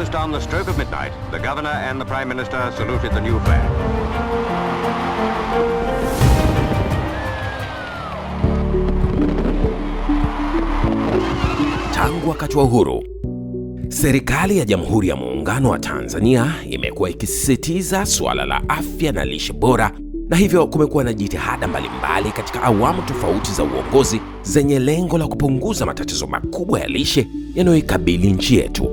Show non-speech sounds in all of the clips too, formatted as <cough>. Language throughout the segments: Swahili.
closed on the stroke of midnight, the governor and the prime minister saluted the new flag. Tangu wakati wa uhuru, serikali ya Jamhuri ya Muungano wa Tanzania imekuwa ikisisitiza suala la afya na lishe bora, na hivyo kumekuwa na jitihada mbalimbali katika awamu tofauti za uongozi zenye lengo la kupunguza matatizo makubwa ya lishe yanayoikabili nchi yetu.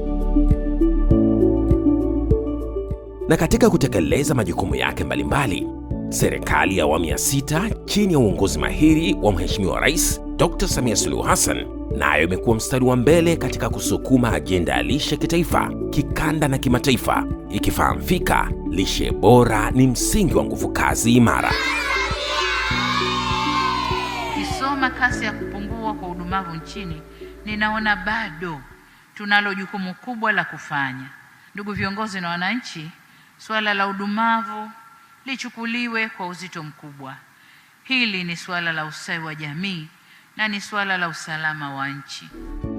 na katika kutekeleza majukumu yake mbalimbali. Serikali ya awamu ya sita chini ya uongozi mahiri wa Mheshimiwa Rais Dr. Samia Suluhu Hassan nayo imekuwa mstari wa mbele katika kusukuma ajenda ya lishe kitaifa, kikanda na kimataifa, ikifahamfika lishe bora ni msingi wa nguvu kazi imara. Kisoma kasi ya kupungua kwa udumavu nchini, ninaona bado tunalo jukumu kubwa la kufanya. Ndugu viongozi na wananchi, suala la udumavu lichukuliwe kwa uzito mkubwa. Hili ni suala la ustawi wa jamii na ni suala la usalama wa nchi.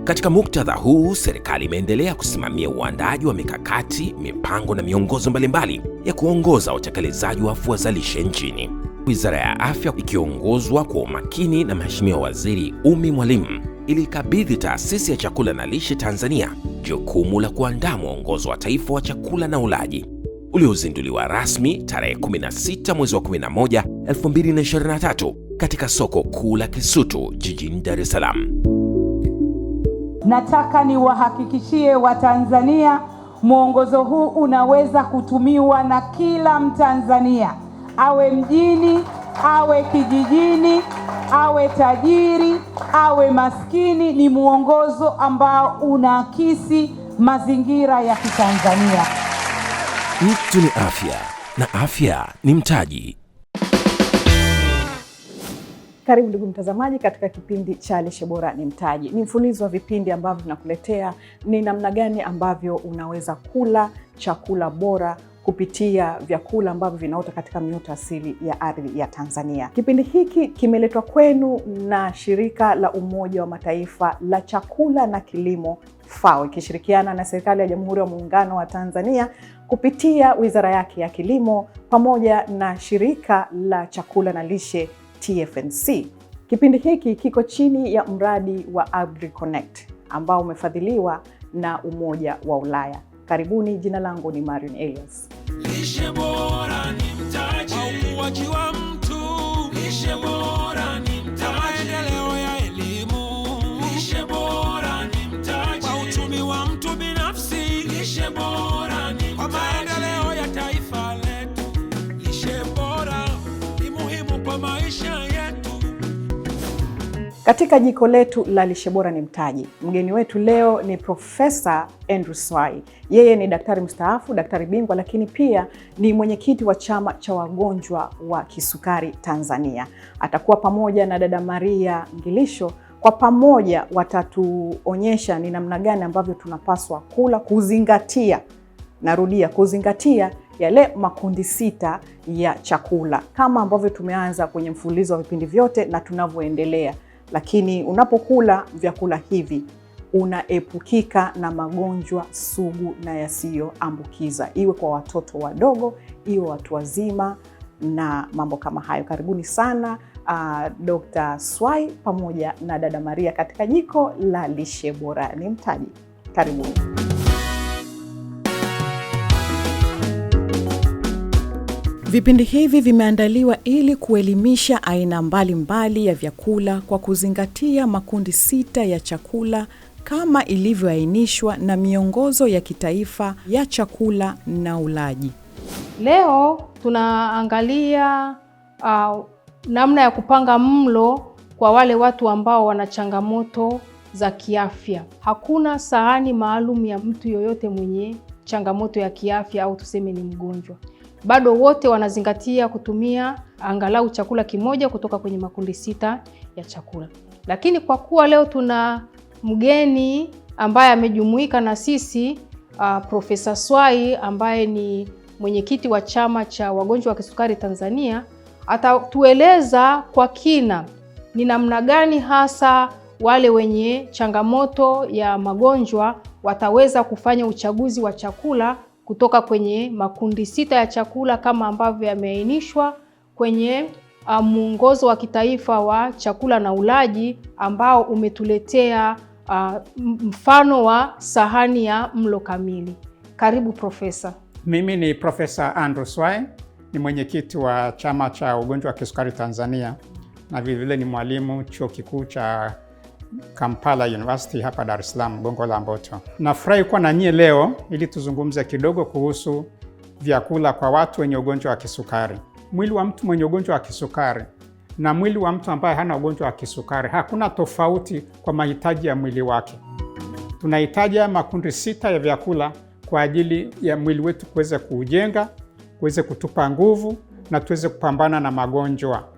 Katika muktadha huu, serikali imeendelea kusimamia uandaaji wa mikakati, mipango na miongozo mbalimbali ya kuongoza utekelezaji wa afua za lishe nchini. Wizara ya Afya ikiongozwa kwa umakini na Mheshimiwa Waziri Umi Mwalimu ilikabidhi Taasisi ya Chakula na Lishe Tanzania jukumu la kuandaa mwongozo wa taifa wa chakula na ulaji uliozinduliwa rasmi tarehe 16 mwezi wa 11 2023 katika soko kuu la Kisutu jijini Dar es Salaam. Nataka niwahakikishie Watanzania mwongozo huu unaweza kutumiwa na kila Mtanzania, awe mjini, awe kijijini, awe tajiri, awe maskini. Ni mwongozo ambao unaakisi mazingira ya Kitanzania. Mtu ni afya na afya ni mtaji. Karibu ndugu mtazamaji, katika kipindi cha Lishe Bora ni Mtaji. Ni mfululizo wa vipindi ambavyo tunakuletea ni namna gani ambavyo unaweza kula chakula bora kupitia vyakula ambavyo vinaota katika miota asili ya ardhi ya Tanzania. Kipindi hiki kimeletwa kwenu na shirika la Umoja wa Mataifa la chakula na kilimo FAO ikishirikiana na serikali ya Jamhuri ya Muungano wa Tanzania kupitia wizara yake ya kilimo pamoja na shirika la chakula na lishe TFNC. Kipindi hiki kiko chini ya mradi wa AgriConnect ambao umefadhiliwa na Umoja wa Ulaya. Karibuni, jina langu ni Marion Elias. Lishe bora ni mtaji Katika jiko letu la lishe bora ni mtaji. Mgeni wetu leo ni Profesa Andrew Swai. Yeye ni daktari mstaafu, daktari bingwa, lakini pia ni mwenyekiti wa chama cha wagonjwa wa kisukari Tanzania. Atakuwa pamoja na dada Maria Ngilisho. Kwa pamoja watatuonyesha ni namna gani ambavyo tunapaswa kula, kuzingatia, narudia, kuzingatia yale makundi sita ya chakula kama ambavyo tumeanza kwenye mfululizo wa vipindi vyote na tunavyoendelea. Lakini unapokula vyakula hivi unaepukika na magonjwa sugu na yasiyoambukiza, iwe kwa watoto wadogo, iwe watu wazima na mambo kama hayo. Karibuni sana uh, ah, Dr. Swai pamoja na dada Maria katika Jiko la Lishe Bora. Ni mtaji, karibuni. Vipindi hivi vimeandaliwa ili kuelimisha aina mbalimbali mbali ya vyakula kwa kuzingatia makundi sita ya chakula kama ilivyoainishwa na miongozo ya kitaifa ya chakula na ulaji. Leo tunaangalia uh, namna ya kupanga mlo kwa wale watu ambao wana changamoto za kiafya. Hakuna sahani maalum ya mtu yoyote mwenye changamoto ya kiafya au tuseme ni mgonjwa bado wote wanazingatia kutumia angalau chakula kimoja kutoka kwenye makundi sita ya chakula. Lakini kwa kuwa leo tuna mgeni ambaye amejumuika na sisi uh, Profesa Swai ambaye ni mwenyekiti wa chama cha wagonjwa wa kisukari Tanzania, atatueleza kwa kina ni namna gani hasa wale wenye changamoto ya magonjwa wataweza kufanya uchaguzi wa chakula kutoka kwenye makundi sita ya chakula kama ambavyo yameainishwa kwenye ah, mwongozo wa kitaifa wa chakula na ulaji ambao umetuletea uh, mfano wa sahani ya mlo kamili. Karibu Profesa. Mimi ni Profesa Andrew Swai, ni mwenyekiti wa chama cha ugonjwa wa kisukari Tanzania na vilevile ni mwalimu chuo kikuu cha Kampala University hapa Dar es Salaam, Gongo la Mboto. Nafurahi kuwa na nyie leo ili tuzungumze kidogo kuhusu vyakula kwa watu wenye ugonjwa wa kisukari. Mwili wa mtu mwenye ugonjwa wa kisukari na mwili wa mtu ambaye hana ugonjwa wa kisukari, hakuna tofauti kwa mahitaji ya mwili wake. Tunahitaji makundi sita ya vyakula kwa ajili ya mwili wetu kuweza kuujenga, kuweza kutupa nguvu na tuweze kupambana na magonjwa.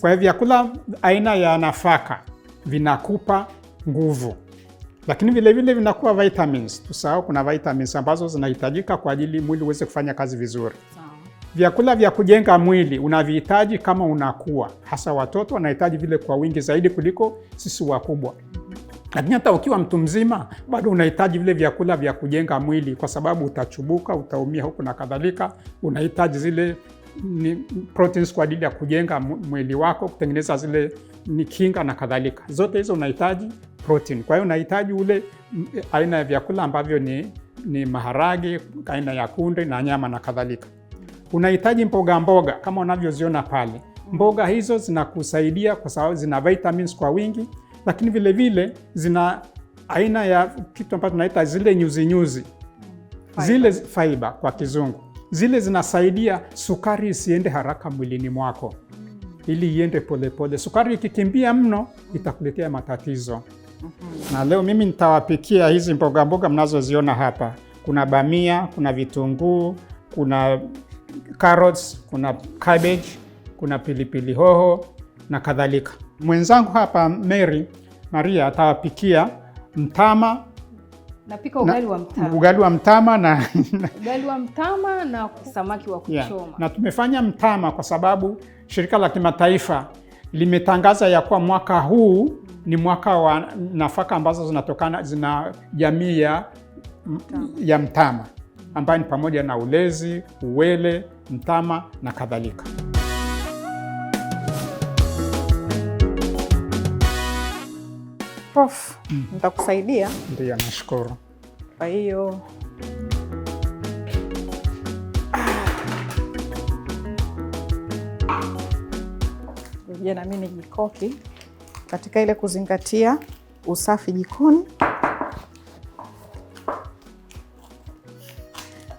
Kwa hiyo vyakula aina ya nafaka vinakupa nguvu, lakini vilevile vile vinakuwa vitamins. Tusahau kuna vitamins ambazo zinahitajika kwa ajili mwili uweze kufanya kazi vizuri. Vyakula vya kujenga mwili unavihitaji kama unakuwa, hasa watoto wanahitaji vile kwa wingi zaidi kuliko sisi wakubwa lakini hata ukiwa mtu mzima bado unahitaji vile vyakula vya kujenga mwili, kwa sababu utachubuka, utaumia huku na kadhalika. Unahitaji zile ni proteins kwa ajili ya kujenga mwili wako, kutengeneza zile ni kinga na kadhalika. Zote hizo unahitaji protein. Kwa hiyo unahitaji ule aina ya vyakula ambavyo ni, ni maharage, aina ya kunde na nyama na kadhalika. Unahitaji mboga mboga kama unavyoziona pale. Mboga hizo zinakusaidia kwa sababu zina vitamins kwa wingi, lakini vile vile zina aina ya kitu ambacho tunaita zile nyuzinyuzi, zile fiber kwa kizungu zile zinasaidia sukari isiende haraka mwilini mwako, mm. ili iende polepole. Sukari ikikimbia mno itakuletea matatizo. Mm-hmm. Na leo mimi nitawapikia hizi mboga mboga mnazoziona hapa. Kuna bamia, kuna vitunguu, kuna carrots, kuna cabbage, kuna pilipili hoho na kadhalika. Mwenzangu hapa Mary Maria atawapikia mtama Napika ugali wa mtama. Ugali wa mtama na <laughs> ugali wa mtama na samaki wa kuchoma. Yeah. Na tumefanya mtama kwa sababu shirika la kimataifa limetangaza ya kuwa mwaka huu ni mwaka wa nafaka ambazo zinatokana zina jamii ya mtama, ya mtama ambayo ni pamoja na ulezi, uwele, mtama na kadhalika. Prof, mm. nitakusaidia. Ndio, nashukuru. Kwa hiyo ah. je, na mimi nijikoki katika ile kuzingatia usafi jikoni,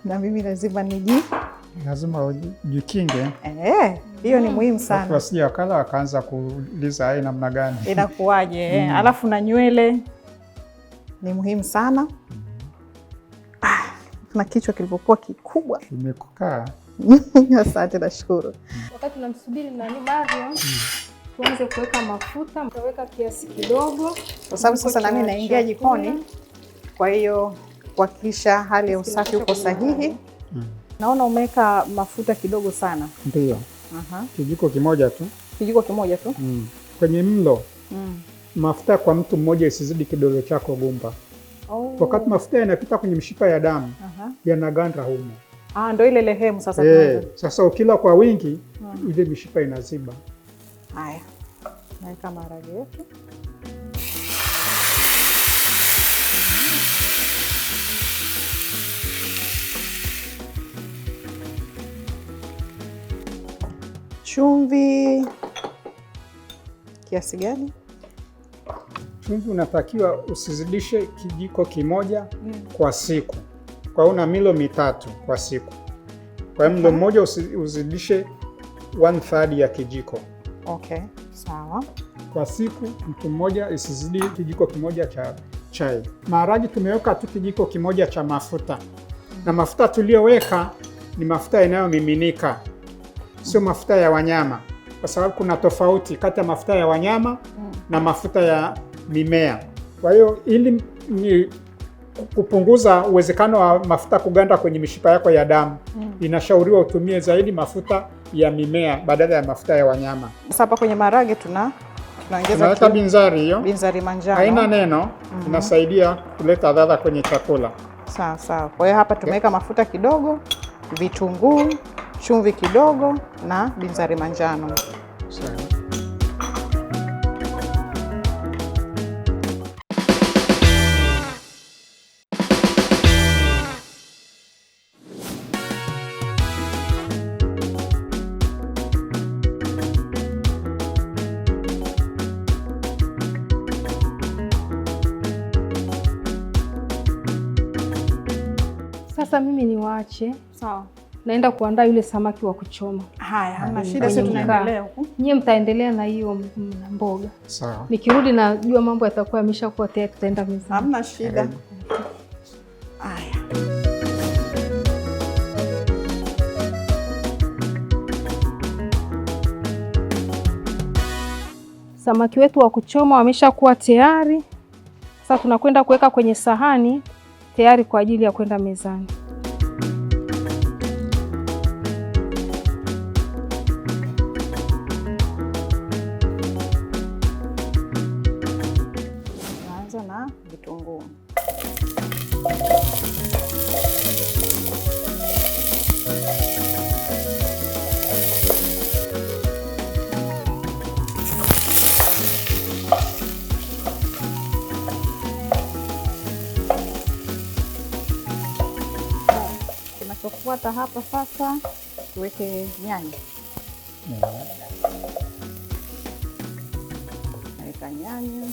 na mimi lazima niji lazima ujikinge eh, hiyo ni muhimu sana, wasije wakala wakaanza kuuliza ai, namna gani <laughs> inakuwaje? Eh, mm. Alafu na nywele ni muhimu sana mm. Ah, na kichwa kilivyokuwa kikubwa kimekukaa. <laughs> Asante, nashukuru. Mm. Wakati tunamsubiri nani Mario, tuanze kuweka mafuta, mtaweka kiasi kidogo, kwa sababu sasa nami naingia jikoni, kwa hiyo kuhakikisha hali ya usafi uko sahihi mm. Naona umeweka mafuta kidogo sana. ndio Aha. Kijiko kimoja tu. Kijiko kimoja tu. Mm. Kwenye mlo mm. mafuta kwa mtu mmoja isizidi kidole chako gumba. Oh. Wakati mafuta yanapita kwenye mishipa ya damu yanaganda humo. Ah, ndo ile lehemu sasa. E, sasa ukila kwa wingi mm. ile mishipa inaziba. Haya, naweka maharage yetu. Chumvi kiasi gani? Chumvi unatakiwa usizidishe kijiko kimoja mm. kwa siku, kwa una milo mitatu kwa siku. Kwa hiyo mlo mm-hmm. mmoja uzidishe one third ya kijiko. Okay, sawa. Kwa siku mtu mmoja isizidi kijiko kimoja cha chai. Maharage tumeweka tu kijiko kimoja cha mafuta, na mafuta tuliyoweka ni mafuta yanayomiminika sio mafuta ya wanyama, kwa sababu kuna tofauti kati ya mafuta ya wanyama mm. na mafuta ya mimea. Kwa hiyo ili ni kupunguza uwezekano wa mafuta kuganda kwenye mishipa yako ya damu mm. inashauriwa utumie zaidi mafuta ya mimea badala ya mafuta ya wanyama. Sasa hapa kwenye maharage tuna tunaweka binzari, hiyo binzari manjano haina neno mm -hmm. inasaidia kuleta ladha kwenye chakula. Sawa sawa. Kwa hiyo hapa tumeweka mafuta kidogo, vitunguu chumvi kidogo na binzari manjano. Sasa mimi niwaache. Sawa naenda kuandaa yule samaki wa kuchoma. Haya, hamna shida, sisi tunaendelea huku. Nyie mtaendelea na hiyo mboga. Sawa. Nikirudi najua mambo yatakuwa yameshakuwa tayari, tutaenda mezani. Hamna shida. Haya. Samaki wetu wa kuchoma wameshakuwa tayari. Sasa tunakwenda kuweka kwenye sahani tayari kwa ajili ya kwenda mezani. hapa sasa tuweke nyanya yeah. Naweka nyanya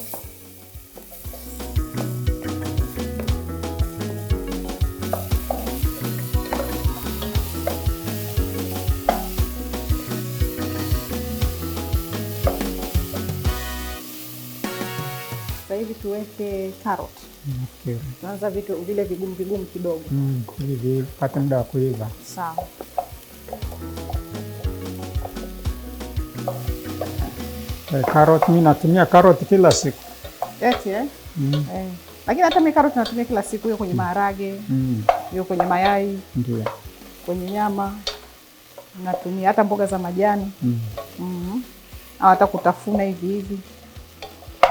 sasa hivi tuweke karoti Okay. Naanza vitu vile vigumu vigumu kidogo mm, ili vipate muda wa kuiva. Sawa. Karoti eh, mimi natumia karoti kila siku eti eh? Mm. Eh. Lakini hata mimi karoti natumia kila siku hiyo kwenye mm. maharage mm. hiyo kwenye mayai ndio, kwenye nyama natumia hata mboga za majani mm. Mm. hata kutafuna hivi hivi.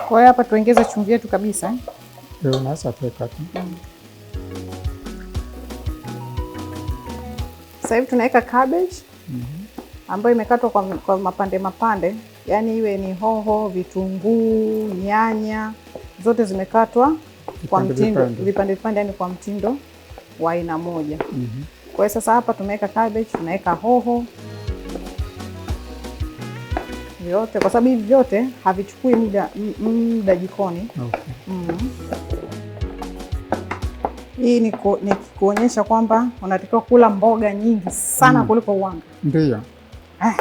Kwa hiyo hapa tuongeze chumvi yetu kabisa eh? Wewe unaweza kuweka tu. Sasa hivi tunaweka cabbage mhm. ambayo imekatwa kwa, kwa mapande mapande, yaani iwe ni hoho, vitunguu, nyanya zote zimekatwa kwa mtindo vipande vipande, yani kwa mtindo wa aina moja mm -hmm. Kwa hiyo sasa hapa tumeweka cabbage, tunaweka hoho vyote, kwa sababu hivi vyote havichukui muda muda jikoni okay. mm -hmm. Hii ni, ku, ni kuonyesha kwamba unatakiwa kula mboga nyingi sana mm. kuliko uwanga. Ndio. Ah.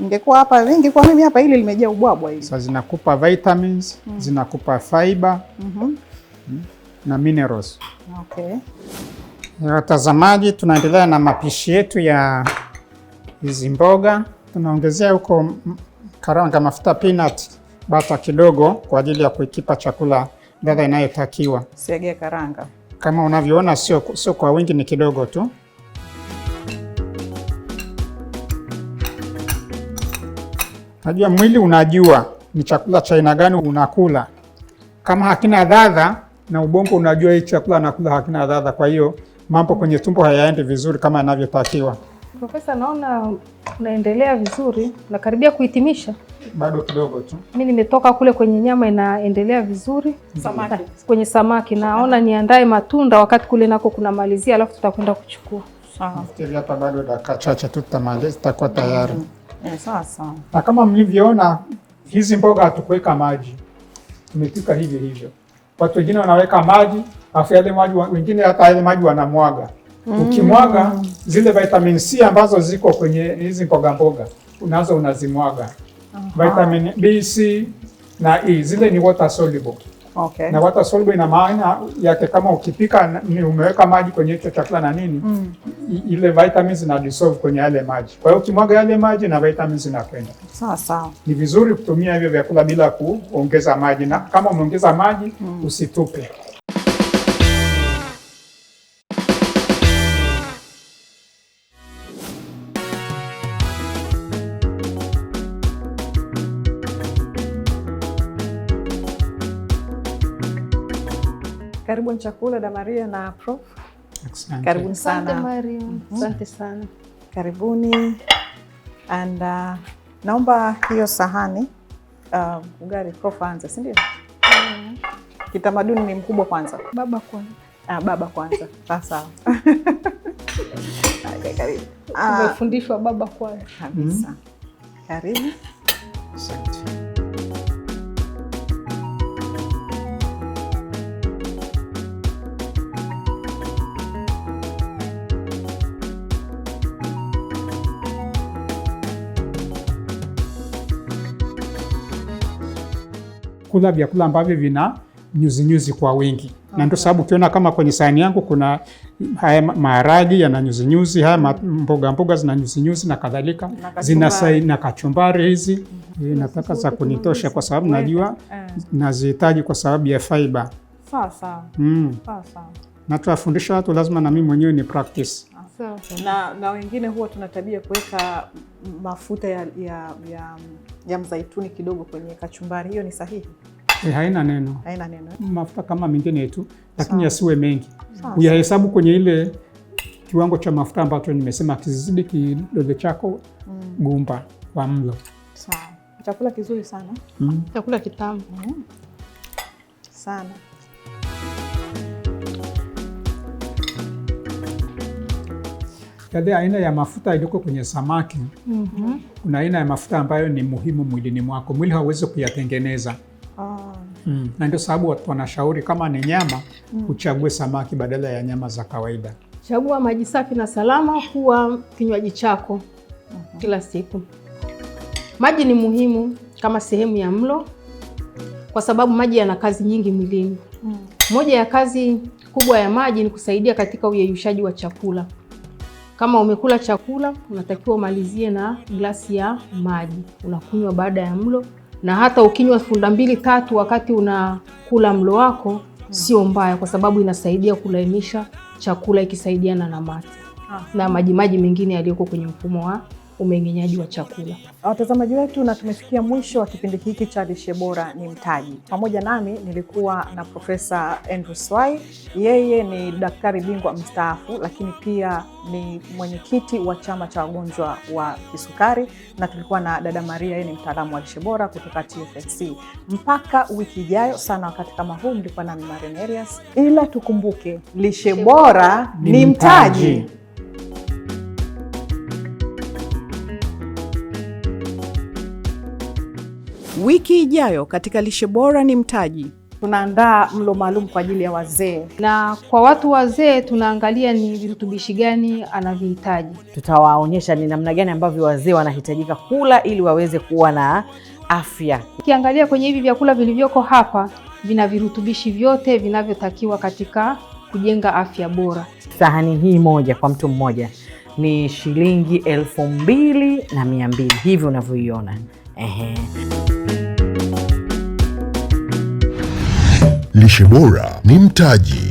Ningekuwa hapa vingi kwa mimi hapa hili limejaa ubwabwa hili. Sasa zinakupa vitamins, mm. zinakupa fiber mhm. mm -hmm. na minerals. Okay. Eh, watazamaji, tunaendelea na mapishi yetu ya hizi mboga. Tunaongezea huko karanga, mafuta peanut butter kidogo kwa ajili ya kuikipa chakula ladha inayotakiwa. Siage karanga kama unavyoona, sio sio kwa wingi, ni kidogo tu. Najua mwili unajua ni chakula cha aina gani unakula. Kama hakina ladha na ubongo unajua hii chakula anakula hakina ladha, kwa hiyo mambo kwenye tumbo hayaendi vizuri kama yanavyotakiwa. Profesa, naona unaendelea vizuri, unakaribia kuhitimisha. Bado kidogo tu. Mimi nimetoka kule kwenye nyama inaendelea vizuri samaki. kwenye samaki naona niandae matunda wakati kule nako kunamalizia, alafu tutakwenda kuchukua. Sawa. Hapa bado dakika chache tu tutamaliza, tutakuwa tayari. Eh, sawa sawa. Na kama mlivyoona hizi mboga hatukuweka maji, tumepika hivyo hivyo. Watu wengine wanaweka maji, afu yale maji wengine hata yale maji wanamwaga. Mm. Ukimwaga zile vitamin C ambazo ziko kwenye hizi mboga mboga unazo unazimwaga. Vitamin B, C na E zile ni water soluble. Okay. Na water soluble ina maana yake kama ukipika ni umeweka maji kwenye hicho chakula na nini, mm. ile vitamins zina dissolve kwenye yale maji. Kwa hiyo ukimwaga yale maji na vitamins zinakwenda. Sawa sawa. Ni vizuri kutumia hivyo vyakula bila kuongeza maji, na kama umeongeza maji mm. usitupe. Karibu cha da Maria na Prof. Excellent. Karibuni sana. Asante Maria. Mhm. Asante sana. Karibuni. And uh, naomba hiyo sahani uh, ugali Prof anza, si ndio? Mm. Kitamaduni ni mkubwa kwanza. Baba kwanza. Ah, baba kwanza. Sawa <laughs> ah, sawa. Okay, karibu. Ah. Tumefundishwa baba kwanza. Kabisa. Mm. Karibu. Asante. kula vyakula ambavyo vina nyuzi nyuzi kwa wingi okay. Na ndio sababu ukiona kama kwenye sahani yangu kuna haya maharagi yana nyuzi nyuzi, haya mboga mboga zina nyuzi nyuzi na kadhalika, zina na kachumbari hizi. mm -hmm. Nataka za kunitosha kwa sababu najua eh. nazihitaji kwa sababu ya fiber. Sawa sawa. Mm. Sawa sawa. Na tuwafundisha watu lazima na mimi mwenyewe ni practice na, na wengine huwa tuna tabia kuweka mafuta ya, ya, ya, ya mzaituni kidogo kwenye kachumbari, hiyo ni sahihi? E, haina neno, haina neno. Mafuta kama mengine tu, lakini yasiwe mengi, uyahesabu kwenye ile kiwango cha mafuta ambacho nimesema, kizidi kidole chako mm. gumba kwa mlo. Sawa, chakula kizuri sana mm. chakula kitamu mm. sana. kadhaa aina ya mafuta iliyoko kwenye samaki mm -hmm. Kuna aina ya mafuta ambayo ni muhimu mwilini mwako, mwili hauwezi kuyatengeneza ah. mm. Na ndio sababu watu wanashauri kama ni nyama mm. uchague samaki badala ya nyama za kawaida. Chagua maji safi na salama kuwa kinywaji chako mm -hmm. kila siku. Maji ni muhimu kama sehemu ya mlo kwa sababu maji yana kazi nyingi mwilini mm. Moja ya kazi kubwa ya maji ni kusaidia katika uyeyushaji wa chakula. Kama umekula chakula, unatakiwa umalizie na glasi ya maji, unakunywa baada ya mlo. Na hata ukinywa funda mbili tatu wakati unakula mlo wako hmm, sio mbaya, kwa sababu inasaidia kulainisha chakula ikisaidiana na mate ah, na majimaji mengine yaliyoko kwenye mfumo wa umeng'enyaji wa chakula. Watazamaji wetu, na tumefikia mwisho wa kipindi hiki cha lishe bora ni mtaji. Pamoja nami nilikuwa na Profesa Andrew Swai, yeye ni daktari bingwa mstaafu, lakini pia ni mwenyekiti wa chama cha wagonjwa wa kisukari, na tulikuwa na dada Maria, yeye ni mtaalamu wa lishe bora kutoka TFSC. Mpaka wiki ijayo sana wakati kama huu, nilikuwa nami Mariam ila tukumbuke lishe bora ni mtaji. Wiki ijayo katika Lishe Bora ni Mtaji tunaandaa mlo maalum kwa ajili ya wazee, na kwa watu wazee tunaangalia ni virutubishi gani anavihitaji. Tutawaonyesha ni namna gani ambavyo wazee wanahitajika kula ili waweze kuwa na afya. Ukiangalia kwenye hivi vyakula vilivyoko hapa, vina virutubishi vyote vinavyotakiwa katika kujenga afya bora. Sahani hii moja kwa mtu mmoja ni shilingi elfu mbili na mia mbili hivi unavyoiona, ehe. Lishe bora ni mtaji.